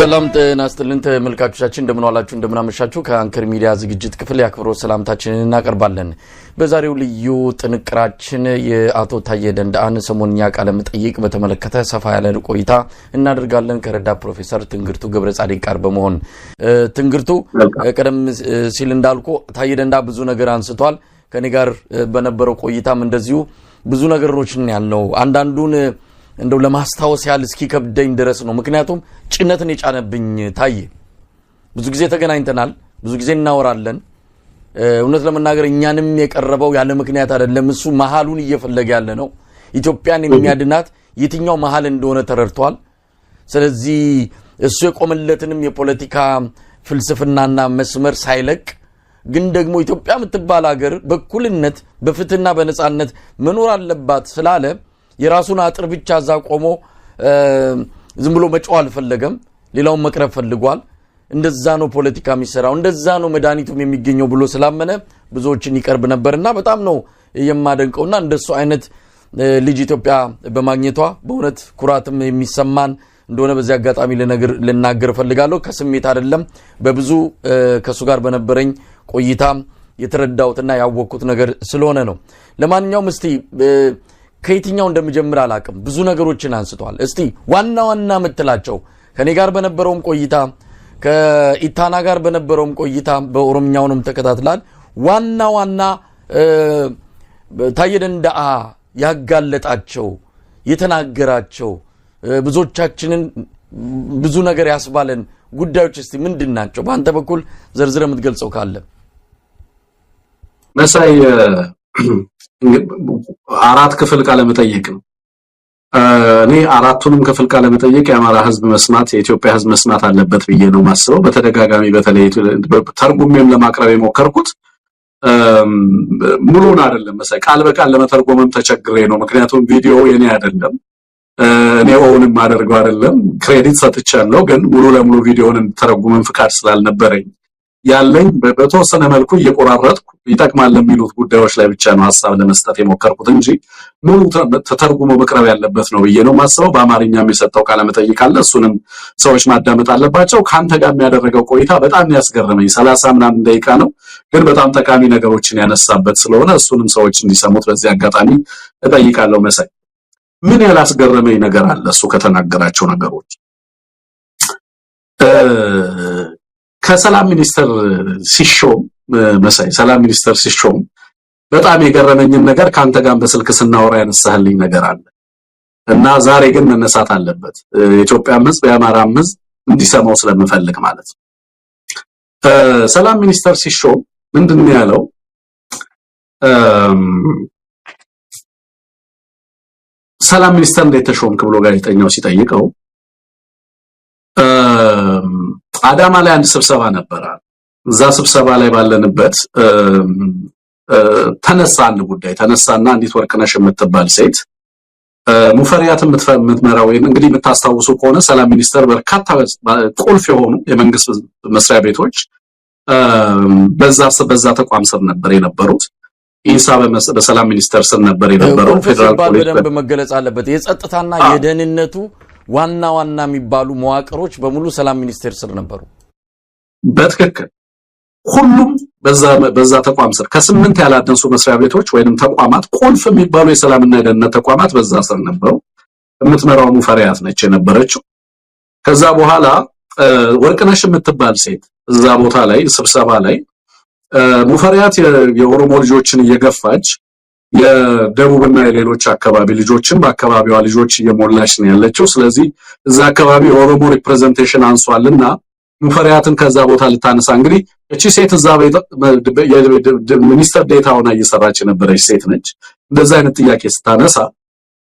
ሰላም ጤና ይስጥልን ተመልካቾቻችን፣ እንደምንዋላችሁ እንደምናመሻችሁ። ከአንከር ሚዲያ ዝግጅት ክፍል የአክብሮት ሰላምታችንን እናቀርባለን። በዛሬው ልዩ ጥንቅራችን የአቶ ታዬ ደንደአን ሰሞንኛ ቃለ መጠይቅ በተመለከተ ሰፋ ያለ ቆይታ እናደርጋለን ከረዳ ፕሮፌሰር ትንግርቱ ገብረ ጻድቅ ጋር በመሆን ትንግርቱ፣ ቀደም ሲል እንዳልኩ ታዬ ደንደአ ብዙ ነገር አንስቷል። ከኔ ጋር በነበረው ቆይታም እንደዚሁ ብዙ ነገሮችን ያልነው አንዳንዱን እንደው ለማስታወስ ያህል እስኪከብደኝ ድረስ ነው። ምክንያቱም ጭነትን የጫነብኝ ታየ። ብዙ ጊዜ ተገናኝተናል፣ ብዙ ጊዜ እናወራለን። እውነት ለመናገር እኛንም የቀረበው ያለ ምክንያት አይደለም። እሱ መሀሉን እየፈለገ ያለ ነው። ኢትዮጵያን የሚያድናት የትኛው መሀል እንደሆነ ተረድቷል። ስለዚህ እሱ የቆመለትንም የፖለቲካ ፍልስፍናና መስመር ሳይለቅ ግን ደግሞ ኢትዮጵያ የምትባል ሀገር በእኩልነት በፍትህና በነፃነት መኖር አለባት ስላለ የራሱን አጥር ብቻ እዛ ቆሞ ዝም ብሎ መጮ አልፈለገም። ሌላውን መቅረብ ፈልጓል። እንደዛ ነው ፖለቲካ የሚሰራው፣ እንደዛ ነው መድኃኒቱም የሚገኘው ብሎ ስላመነ ብዙዎችን ይቀርብ ነበር እና በጣም ነው የማደንቀውና እንደሱ አይነት ልጅ ኢትዮጵያ በማግኘቷ በእውነት ኩራትም የሚሰማን እንደሆነ በዚህ አጋጣሚ ልናገር እፈልጋለሁ። ከስሜት አይደለም። በብዙ ከእሱ ጋር በነበረኝ ቆይታ የተረዳሁትና ያወቅኩት ነገር ስለሆነ ነው። ለማንኛውም እስቲ ከየትኛው እንደምጀምር አላቅም። ብዙ ነገሮችን አንስተዋል። እስቲ ዋና ዋና የምትላቸው ከእኔ ጋር በነበረውም ቆይታ ከኢታና ጋር በነበረውም ቆይታ በኦሮምኛውንም ተከታትላል። ዋና ዋና ታየ ደንደዓ ያጋለጣቸው የተናገራቸው ብዙዎቻችንን ብዙ ነገር ያስባለን ጉዳዮች እስቲ ምንድን ናቸው? በአንተ በኩል ዘርዝረ የምትገልጸው ካለ መሳይ አራት ክፍል ቃለመጠየቅ ነው። እኔ አራቱንም ክፍል ቃለመጠየቅ የአማራ ሕዝብ መስማት የኢትዮጵያ ሕዝብ መስማት አለበት ብዬ ነው ማስበው። በተደጋጋሚ በተለይ ተርጉሜም ለማቅረብ የሞከርኩት ሙሉን አይደለም መሰለኝ ቃል በቃል ለመተርጎምም ተቸግሬ ነው። ምክንያቱም ቪዲዮ የኔ አይደለም እኔ ኦውንም አደርገው አይደለም ክሬዲት ሰጥቻለሁ፣ ግን ሙሉ ለሙሉ ቪዲዮውን እንድተረጉምን ፍቃድ ስላልነበረኝ ያለኝ በተወሰነ መልኩ እየቆራረጥኩ ይጠቅማል ለሚሉት ጉዳዮች ላይ ብቻ ነው ሀሳብ ለመስጠት የሞከርኩት እንጂ ሙሉ ተተርጉሞ መቅረብ ያለበት ነው ብዬ ነው ማስበው በአማርኛ የሚሰጠው ቃለ መጠይቅ አለ። እሱንም ሰዎች ማዳመጥ አለባቸው። ከአንተ ጋር የሚያደረገው ቆይታ በጣም ያስገረመኝ ሰላሳ ምናምን ደቂቃ ነው፣ ግን በጣም ጠቃሚ ነገሮችን ያነሳበት ስለሆነ እሱንም ሰዎች እንዲሰሙት በዚህ አጋጣሚ እጠይቃለሁ። መሳይ ምን ያላስገረመኝ ነገር አለ? እሱ ከተናገራቸው ነገሮች ከሰላም ሚኒስተር ሲሾም መሳይ ሰላም ሚኒስተር ሲሾም በጣም የገረመኝን ነገር ከአንተ ጋር በስልክ ስናወራ ያነሳህልኝ ነገር አለ እና ዛሬ ግን መነሳት አለበት። የኢትዮጵያም ሕዝብ የአማራም ሕዝብ እንዲሰማው ስለምፈልግ ማለት ነው። ሰላም ሚኒስተር ሲሾም ምንድን ነው ያለው? ሰላም ሚኒስተር እንዴት ተሾምክ ብሎ ጋዜጠኛው ሲጠይቀው አዳማ ላይ አንድ ስብሰባ ነበረ። እዛ ስብሰባ ላይ ባለንበት ተነሳ አንድ ጉዳይ ተነሳና አንዲት ወርቅነሽ የምትባል ሴት ሙፈሪያት የምትመራ ወይም እንግዲህ የምታስታውሱ ከሆነ ሰላም ሚኒስተር በርካታ ቁልፍ የሆኑ የመንግስት መስሪያ ቤቶች በዛ በዛ ተቋም ስር ነበር የነበሩት። ኢንሳ በሰላም ሚኒስተር ስር ነበር የነበረው። ፌደራል ፖሊስ በደንብ መገለጽ አለበት። የጸጥታና የደህንነቱ ዋና ዋና የሚባሉ መዋቅሮች በሙሉ ሰላም ሚኒስቴር ስር ነበሩ። በትክክል ሁሉም በዛ ተቋም ስር ከስምንት ያላነሱ መስሪያ ቤቶች ወይንም ተቋማት ቁልፍ የሚባሉ የሰላምና የደህንነት ተቋማት በዛ ስር ነበሩ። የምትመራው ሙፈሪያት ነች የነበረችው። ከዛ በኋላ ወርቅነሽ የምትባል ሴት እዛ ቦታ ላይ ስብሰባ ላይ ሙፈሪያት የኦሮሞ ልጆችን እየገፋች የደቡብና የሌሎች አካባቢ ልጆችን በአካባቢዋ ልጆች እየሞላች ነው ያለችው። ስለዚህ እዛ አካባቢ የኦሮሞ ሪፕሬዘንቴሽን አንሷልና ሙፈሪያትን ከዛ ቦታ ልታነሳ እንግዲህ እቺ ሴት እዛ ሚኒስተር ዴታ ሆና እየሰራች የነበረች ሴት ነች። እንደዛ አይነት ጥያቄ ስታነሳ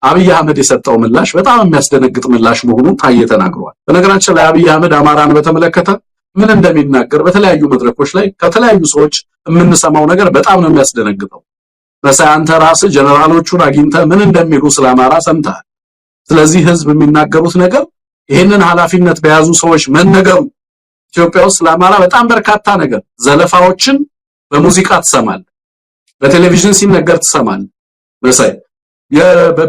አብይ አህመድ የሰጠው ምላሽ በጣም የሚያስደነግጥ ምላሽ መሆኑን ታየ ተናግሯል። በነገራችን ላይ አብይ አህመድ አማራን በተመለከተ ምን እንደሚናገር በተለያዩ መድረኮች ላይ ከተለያዩ ሰዎች የምንሰማው ነገር በጣም ነው የሚያስደነግጠው። መሳይ አንተ ራስህ ጀነራሎቹን አግኝተህ ምን እንደሚሉ ስለ አማራ ሰምተሃል። ስለዚህ ህዝብ የሚናገሩት ነገር ይህንን ኃላፊነት በያዙ ሰዎች መነገሩ ኢትዮጵያ ውስጥ ስለ በጣም በርካታ ነገር ዘለፋዎችን በሙዚቃ ትሰማል በቴሌቪዥን ሲነገር ትሰማል መሳይ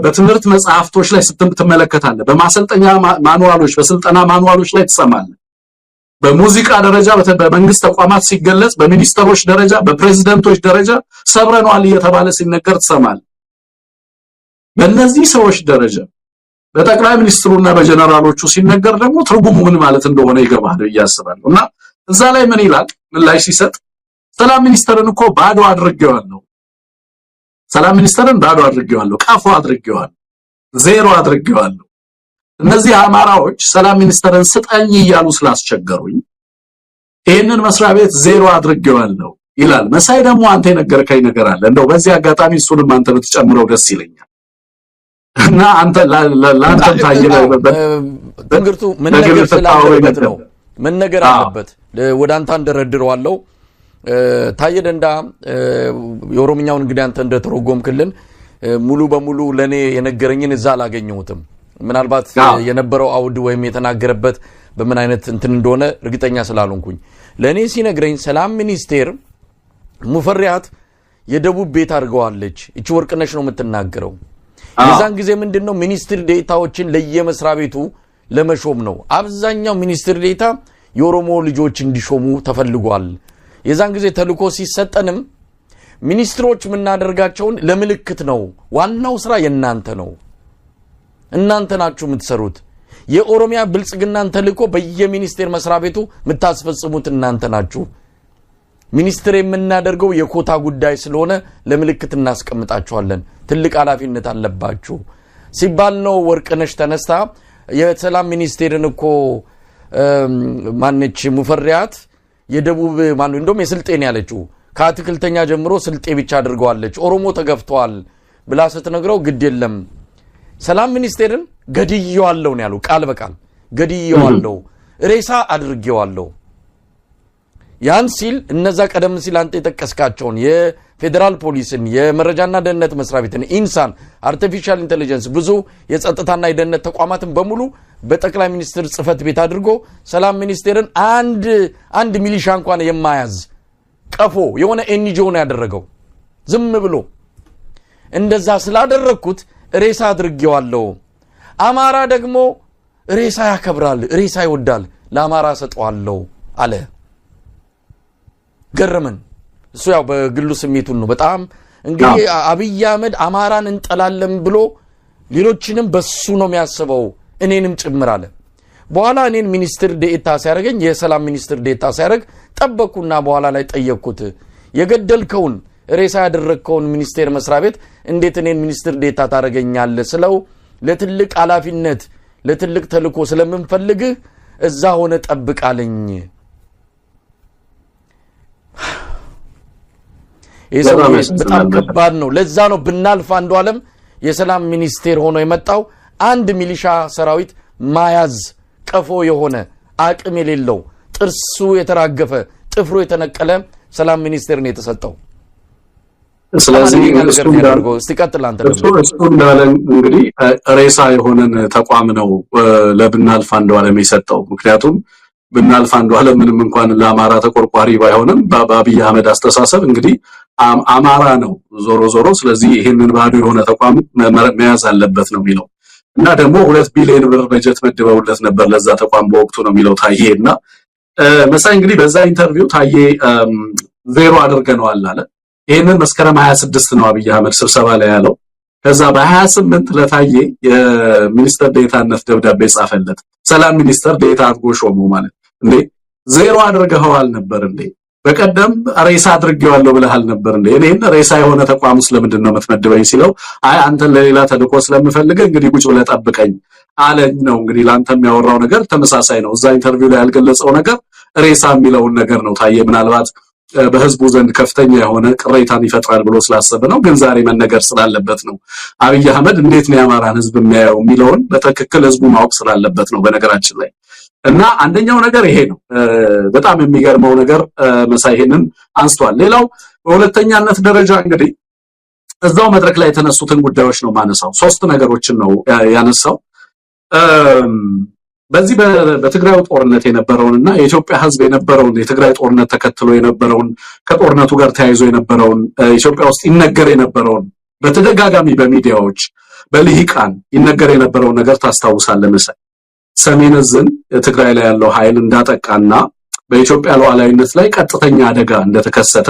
በትምህርት መጽሐፍቶች ላይ ስትመለከታለህ፣ በማሰልጠኛ ማኑዋሎች፣ በስልጠና ማኑዋሎች ላይ ትሰማለህ። በሙዚቃ ደረጃ በመንግስት ተቋማት ሲገለጽ፣ በሚኒስተሮች ደረጃ፣ በፕሬዝደንቶች ደረጃ ሰብረነዋል እየተባለ ሲነገር ትሰማል። በእነዚህ ሰዎች ደረጃ በጠቅላይ ሚኒስትሩና በጀነራሎቹ ሲነገር ደግሞ ትርጉሙ ምን ማለት እንደሆነ ይገባል ብዬ አስባለሁ። እና እዛ ላይ ምን ይላል ምላሽ ሲሰጥ ሰላም ሚኒስተርን እኮ ባዶ አድርጌዋለሁ፣ ሰላም ሚኒስተርን ባዶ አድርጌዋለሁ፣ ቀፎ አድርጌዋለሁ፣ ዜሮ አድርጌዋለሁ እነዚህ አማራዎች ሰላም ሚኒስተርን ስጠኝ እያሉ ስላስቸገሩኝ ይህንን መስሪያ ቤት ዜሮ አድርጌዋለሁ ይላል። መሳይ ደግሞ አንተ የነገርከኝ ነገር አለ። እንደው በዚህ አጋጣሚ እሱንም አንተ ብትጨምረው ደስ ይለኛል እና አንተ ለአንተም ታየለ ትንግርቱ ምን ነገር ስላለበት ነው ምን ነገር አለበት ወደ አንተ እንደረድረዋለው ታየ ደንዳ የኦሮምኛውን እንግዲህ አንተ እንደተረጎምክልን ሙሉ በሙሉ ለእኔ የነገረኝን እዛ አላገኘሁትም። ምናልባት የነበረው አውድ ወይም የተናገረበት በምን አይነት እንትን እንደሆነ እርግጠኛ ስላልሆንኩኝ ለእኔ ሲነግረኝ ሰላም ሚኒስቴር ሙፈሪያት የደቡብ ቤት አድርገዋለች። እቺ ወርቅነሽ ነው የምትናገረው። የዛን ጊዜ ምንድን ነው ሚኒስትር ዴታዎችን ለየመስሪያ ቤቱ ለመሾም ነው። አብዛኛው ሚኒስትር ዴታ የኦሮሞ ልጆች እንዲሾሙ ተፈልጓል። የዛን ጊዜ ተልኮ ሲሰጠንም ሚኒስትሮች የምናደርጋቸውን ለምልክት ነው። ዋናው ስራ የእናንተ ነው እናንተ ናችሁ የምትሰሩት። የኦሮሚያ ብልጽግናን ተልእኮ በየሚኒስቴር መስሪያ ቤቱ የምታስፈጽሙት እናንተ ናችሁ። ሚኒስትር የምናደርገው የኮታ ጉዳይ ስለሆነ ለምልክት እናስቀምጣችኋለን፣ ትልቅ ኃላፊነት አለባችሁ ሲባል ነው ወርቅነሽ ተነስታ የሰላም ሚኒስቴርን እኮ ማነች ሙፈሪያት የደቡብ ማ እንደውም የስልጤን ያለችው ከአትክልተኛ ጀምሮ ስልጤ ብቻ አድርገዋለች ኦሮሞ ተገፍተዋል ብላ ስትነግረው ግድ የለም ሰላም ሚኒስቴርን ገድየዋለሁ ነው ያሉ። ቃል በቃል ገድየዋለሁ፣ ሬሳ አድርጌዋለሁ። ያን ሲል እነዛ ቀደም ሲል አንተ የጠቀስካቸውን የፌዴራል ፖሊስን፣ የመረጃና ደህንነት መስሪያ ቤትን፣ ኢንሳን፣ አርቲፊሻል ኢንቴሊጀንስ ብዙ የጸጥታና የደህንነት ተቋማትን በሙሉ በጠቅላይ ሚኒስትር ጽህፈት ቤት አድርጎ ሰላም ሚኒስቴርን አንድ አንድ ሚሊሻ እንኳን የማያዝ ቀፎ የሆነ ኤንጂኦ ነው ያደረገው ዝም ብሎ እንደዛ ስላደረግኩት ሬሳ አድርጌዋለሁ። አማራ ደግሞ ሬሳ ያከብራል፣ ሬሳ ይወዳል፣ ለአማራ ሰጠዋለሁ አለ። ገረመን። እሱ ያው በግሉ ስሜቱን ነው። በጣም እንግዲህ አብይ አህመድ አማራን እንጠላለን ብሎ ሌሎችንም በሱ ነው የሚያስበው እኔንም ጭምር አለ። በኋላ እኔን ሚኒስትር ዴኤታ ሲያደርገኝ የሰላም ሚኒስትር ዴኤታ ሲያደርግ ጠበቅኩና በኋላ ላይ ጠየቅኩት የገደልከውን ሬሳ ያደረግከውን ሚኒስቴር መስሪያ ቤት እንዴት እኔን ሚኒስትር ዴታ ታደረገኛለ ስለው ለትልቅ ኃላፊነት ለትልቅ ተልኮ ስለምንፈልግህ እዛ ሆነ ጠብቃለኝ። ይህ በጣም ከባድ ነው። ለዛ ነው ብናልፍ አንዱ አለም የሰላም ሚኒስቴር ሆኖ የመጣው አንድ ሚሊሻ ሰራዊት ማያዝ ቀፎ የሆነ አቅም የሌለው ጥርሱ የተራገፈ ጥፍሩ የተነቀለ ሰላም ሚኒስቴር ነው የተሰጠው። ስለዚህ እሱ እንዳለን እንግዲህ ሬሳ የሆነን ተቋም ነው ለብናልፍ አንዱዓለም የሰጠው። ምክንያቱም ብናልፍ አንዱዓለም ምንም እንኳን ለአማራ ተቆርቋሪ ባይሆንም በአብይ አህመድ አስተሳሰብ እንግዲህ አማራ ነው ዞሮ ዞሮ። ስለዚህ ይህንን ባዶ የሆነ ተቋም መያዝ አለበት ነው የሚለው እና ደግሞ ሁለት ቢሊዮን ብር በጀት መድበውለት ነበር ለዛ ተቋም በወቅቱ ነው የሚለው ታዬ እና መሳይ እንግዲህ በዛ ኢንተርቪው ታዬ ዜሮ አድርገነዋል አለ ይህንን መስከረም 26 ነው አብይ አህመድ ስብሰባ ላይ ያለው። ከዛ በ28 ለታዬ የሚኒስተር ዴታነት ደብዳቤ ጻፈለት። ሰላም ሚኒስተር ዴታ አድርጎ ሾሞ ማለት እንዴ! ዜሮ አድርገኸዋል ነበር እንዴ? በቀደም ሬሳ አድርጌዋለሁ ብለሃል ነበር እንዴ? እኔን ሬሳ የሆነ ተቋም ውስጥ ለምንድን ነው የምትመድበኝ ሲለው አይ አንተን ለሌላ ተልእኮ ስለምፈልገ እንግዲህ ቁጭ ብለህ ጠብቀኝ አለኝ ነው እንግዲህ። ለአንተም ያወራው ነገር ተመሳሳይ ነው። እዛ ኢንተርቪው ላይ ያልገለጸው ነገር ሬሳ የሚለውን ነገር ነው ታዬ ምናልባት በህዝቡ ዘንድ ከፍተኛ የሆነ ቅሬታን ይፈጥራል ብሎ ስላሰበ ነው። ግን ዛሬ መነገር ስላለበት ነው። አብይ አህመድ እንዴት ነው የአማራን ህዝብ የሚያየው የሚለውን በትክክል ህዝቡ ማወቅ ስላለበት ነው። በነገራችን ላይ እና አንደኛው ነገር ይሄ ነው። በጣም የሚገርመው ነገር መሳይ ይሄንን አንስቷል። ሌላው በሁለተኛነት ደረጃ እንግዲህ እዛው መድረክ ላይ የተነሱትን ጉዳዮች ነው ማነሳው። ሶስት ነገሮችን ነው ያነሳው። በዚህ በትግራይ ጦርነት የነበረውንና የኢትዮጵያ ሕዝብ የነበረውን የትግራይ ጦርነት ተከትሎ የነበረውን ከጦርነቱ ጋር ተያይዞ የነበረውን ኢትዮጵያ ውስጥ ይነገር የነበረውን በተደጋጋሚ በሚዲያዎች በልሂቃን ይነገር የነበረውን ነገር ታስታውሳለህ መሰል። ሰሜን ዕዝን ትግራይ ላይ ያለው ኃይል እንዳጠቃና በኢትዮጵያ ሉዓላዊነት ላይ ቀጥተኛ አደጋ እንደተከሰተ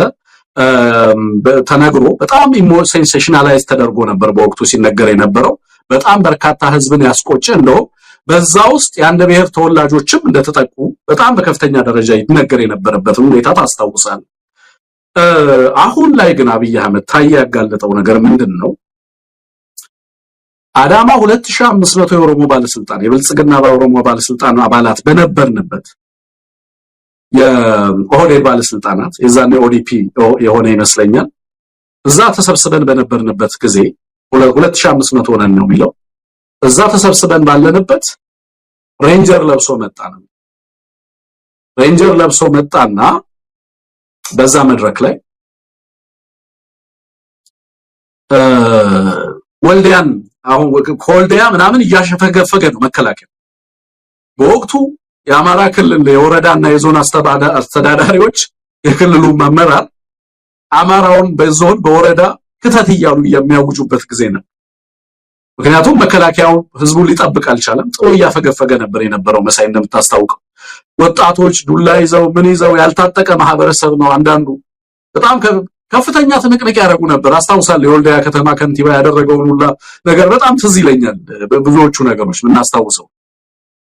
ተነግሮ በጣም ሴንሴሽናላይዝ ተደርጎ ነበር በወቅቱ ሲነገር የነበረው። በጣም በርካታ ሕዝብን ያስቆጨ እንደውም በዛ ውስጥ የአንድ ብሔር ተወላጆችም እንደተጠቁ በጣም በከፍተኛ ደረጃ ይነገር የነበረበትን ሁኔታ ታስታውሳል። አሁን ላይ ግን አብይ አህመድ ታዬ ያጋለጠው ነገር ምንድን ነው? አዳማ 2500 የኦሮሞ ባለስልጣን የብልጽግና በኦሮሞ ባለስልጣን አባላት በነበርንበት የኦህዴድ ባለስልጣናት የዛን ኦዲፒ የሆነ ይመስለኛል እዛ ተሰብስበን በነበርንበት ጊዜ 2500 ሆነን ነው የሚለው እዛ ተሰብስበን ባለንበት ሬንጀር ለብሶ መጣ ነው። ሬንጀር ለብሶ መጣና በዛ መድረክ ላይ ወልዲያን አሁን ከወልዲያ ምናምን እያሸፈገፈገ ነው መከላከያ። በወቅቱ የአማራ ክልል የወረዳና የዞን አስተዳዳሪዎች የክልሉ መመራር አማራውን በዞን በወረዳ ክተት እያሉ የሚያውጁበት ጊዜ ነው። ምክንያቱም መከላከያው ህዝቡን ሊጠብቅ አልቻለም። ጥሩ እያፈገፈገ ነበር የነበረው መሳይ እንደምታስታውቀው ወጣቶች ዱላ ይዘው ምን ይዘው ያልታጠቀ ማህበረሰብ ነው። አንዳንዱ በጣም ከፍተኛ ትንቅንቅ ያደረጉ ነበር። አስታውሳለሁ የወልዲያ ከተማ ከንቲባ ያደረገውን ሁላ ነገር በጣም ትዝ ይለኛል። ብዙዎቹ ነገሮች የምናስታውሰው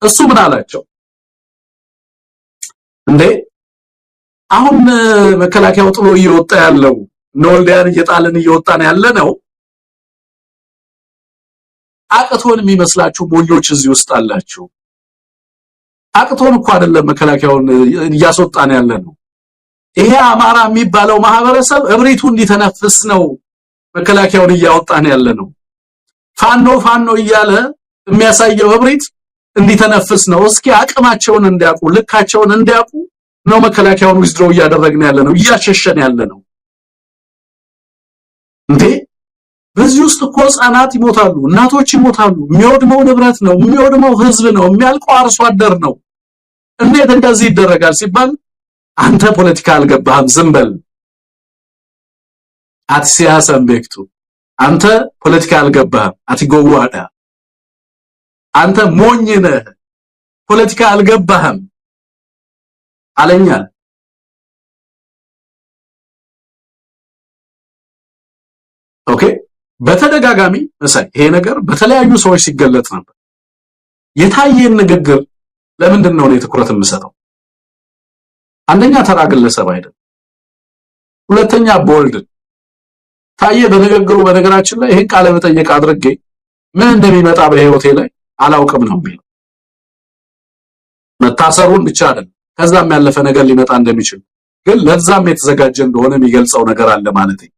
እሱ ምን አላቸው እንዴ አሁን መከላከያው ጥሎ እየወጣ ያለው እነ ወልዳያን እየጣልን እየወጣን ያለ ነው አቅቶን የሚመስላችሁ ሞኞች እዚህ ውስጥ አላችሁ። አቅቶን እኮ አይደለም መከላከያውን እያስወጣን ያለ ነው። ይሄ አማራ የሚባለው ማህበረሰብ እብሪቱ እንዲተነፍስ ነው መከላከያውን እያወጣን ያለ ነው። ፋኖ ፋኖ እያለ የሚያሳየው እብሪት እንዲተነፍስ ነው። እስኪ አቅማቸውን እንዲያውቁ፣ ልካቸውን እንዲያውቁ ነው መከላከያውን ዊዝድሮው እያደረግን ያለ ነው፣ እያሸሸን ያለ ነው እንዴ በዚህ ውስጥ እኮ ህጻናት ይሞታሉ፣ እናቶች ይሞታሉ። የሚወድመው ንብረት ነው፣ የሚወድመው ህዝብ ነው፣ የሚያልቀው አርሶ አደር ነው። እንዴት እንደዚህ ይደረጋል ሲባል አንተ ፖለቲካ አልገባህም ዝም በል አትሲያ አንተ ፖለቲካ አልገባህም አትጎዋዳ አንተ ሞኝ ነህ ፖለቲካ አልገባህም አለኛል። ኦኬ በተደጋጋሚ እሰይ ይሄ ነገር በተለያዩ ሰዎች ሲገለጽ ነበር። የታየን ንግግር ለምንድን ነው እኔ ትኩረት የምሰጠው? አንደኛ ተራ ግለሰብ አይደለም፣ ሁለተኛ ቦልድ ታየ በንግግሩ። በነገራችን ላይ ይህን ቃለ መጠየቅ አድርጌ ምን እንደሚመጣ በህይወቴ ላይ አላውቅም ነው የሚለው። መታሰሩን ብቻ አይደለም ከዛም ያለፈ ነገር ሊመጣ እንደሚችል ግን ለዛም የተዘጋጀ እንደሆነ የሚገልጸው ነገር አለ ማለት ነው።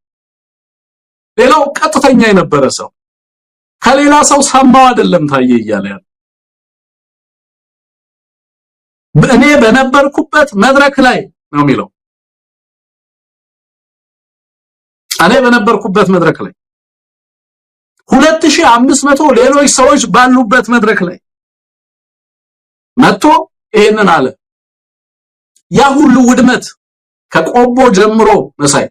ሌላው ቀጥተኛ የነበረ ሰው ከሌላ ሰው ሰማው አይደለም ታየ እያለ ያለ እኔ በነበርኩበት መድረክ ላይ ነው የሚለው። እኔ በነበርኩበት መድረክ ላይ 2500 ሌሎች ሰዎች ባሉበት መድረክ ላይ መጥቶ ይሄንን አለ። ያ ሁሉ ውድመት ከቆቦ ጀምሮ መሳይ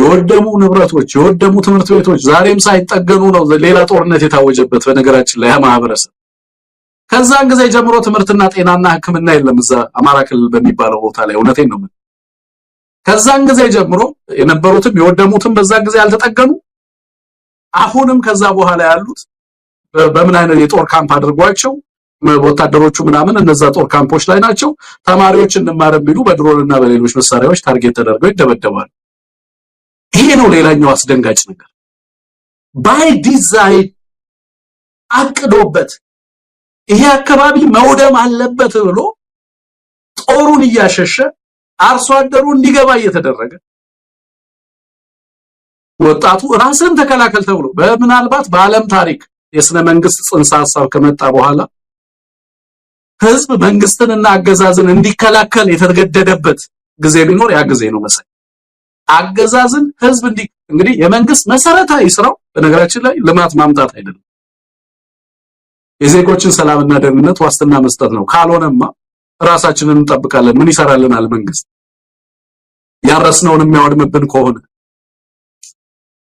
የወደሙ ንብረቶች፣ የወደሙ ትምህርት ቤቶች ዛሬም ሳይጠገኑ ነው ሌላ ጦርነት የታወጀበት። በነገራችን ላይ ማህበረሰብ ከዛን ጊዜ ጀምሮ ትምህርትና ጤናና ሕክምና የለም እዛ አማራ ክልል በሚባለው ቦታ ላይ እውነቴን ነው። ከዛን ጊዜ ጀምሮ የነበሩትም የወደሙትም በዛን ጊዜ አልተጠገኑ። አሁንም ከዛ በኋላ ያሉት በምን አይነት የጦር ካምፕ አድርጓቸው ወታደሮቹ ምናምን እነዛ ጦር ካምፖች ላይ ናቸው። ተማሪዎች እንማር ቢሉ በድሮንና በሌሎች መሳሪያዎች ታርጌት ተደርገው ይደበደባሉ። ይሄ ነው ሌላኛው አስደንጋጭ ነገር። ባይ ዲዛይን አቅዶበት ይሄ አካባቢ መውደም አለበት ብሎ ጦሩን እያሸሸ አርሶ አደሩ እንዲገባ እየተደረገ ወጣቱ ራስን ተከላከል ተብሎ በምናልባት በዓለም ታሪክ የስነ መንግስት ጽንሰ ሐሳብ ከመጣ በኋላ ህዝብ መንግስትንና አገዛዝን እንዲከላከል የተገደደበት ጊዜ ቢኖር ያ ጊዜ ነው መሰለኝ። አገዛዝን ህዝብ እንዲ እንግዲህ የመንግስት መሰረታዊ ስራው በነገራችን ላይ ልማት ማምጣት አይደለም፣ የዜጎችን ሰላምና ደህንነት ዋስትና መስጠት ነው። ካልሆነማ ራሳችንን እንጠብቃለን። ምን ይሰራልናል መንግስት? ያረስነውን የሚያወድምብን ከሆነ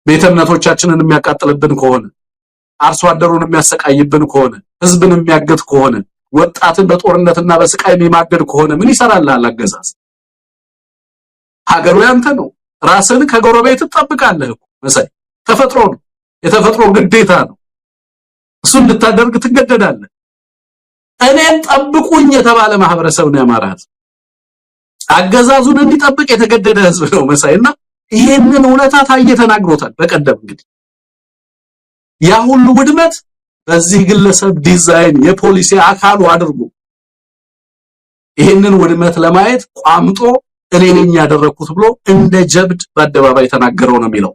ቤተ እምነቶቻችንን የሚያቃጥልብን ከሆነ አርሶ አደሩን የሚያሰቃይብን ከሆነ ህዝብን የሚያገት ከሆነ ወጣትን በጦርነትና በስቃይ የሚማገድ ከሆነ ምን ይሰራልናል አገዛዝ? ሀገሩ ያንተ ነው። ራስን ከጎረቤት ትጠብቃለህ እኮ መሳይ። ተፈጥሮ ነው፣ የተፈጥሮ ግዴታ ነው። እሱ እንድታደርግ ትገደዳለህ። እኔን ጠብቁኝ የተባለ ማህበረሰብ ነው የአማራ ህዝብ። አገዛዙን እንዲጠብቅ የተገደደ ህዝብ ነው መሳይ እና ይሄንን እውነታ ታዬ ተናግሮታል። በቀደም እንግዲህ ያ ሁሉ ውድመት በዚህ ግለሰብ ዲዛይን የፖሊሲ አካሉ አድርጎ ይህንን ውድመት ለማየት ቋምጦ እኔ ነኝ ያደረግኩት ብሎ እንደ ጀብድ በአደባባይ ተናገረው ነው የሚለው።